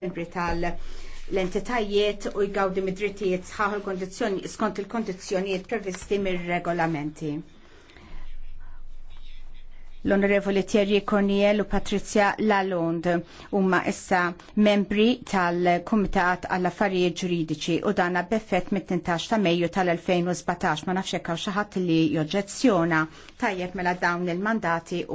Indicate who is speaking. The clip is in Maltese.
Speaker 1: membri tal-entitajiet u jgawdi mid-drittijiet sħaħ skont il kondizjoniet previsti mir-regolamenti. L-Onorevoli Thierry Corniel u Patrizia Lalond huma issa membri tal-Kumitat għall affarijiet Ġuridiċi u dana beffett mit-18 ta' Mejju tal-2017 ma nafx hekk xi ħadd li joġġezzjona tajjeb mela dawn il-mandati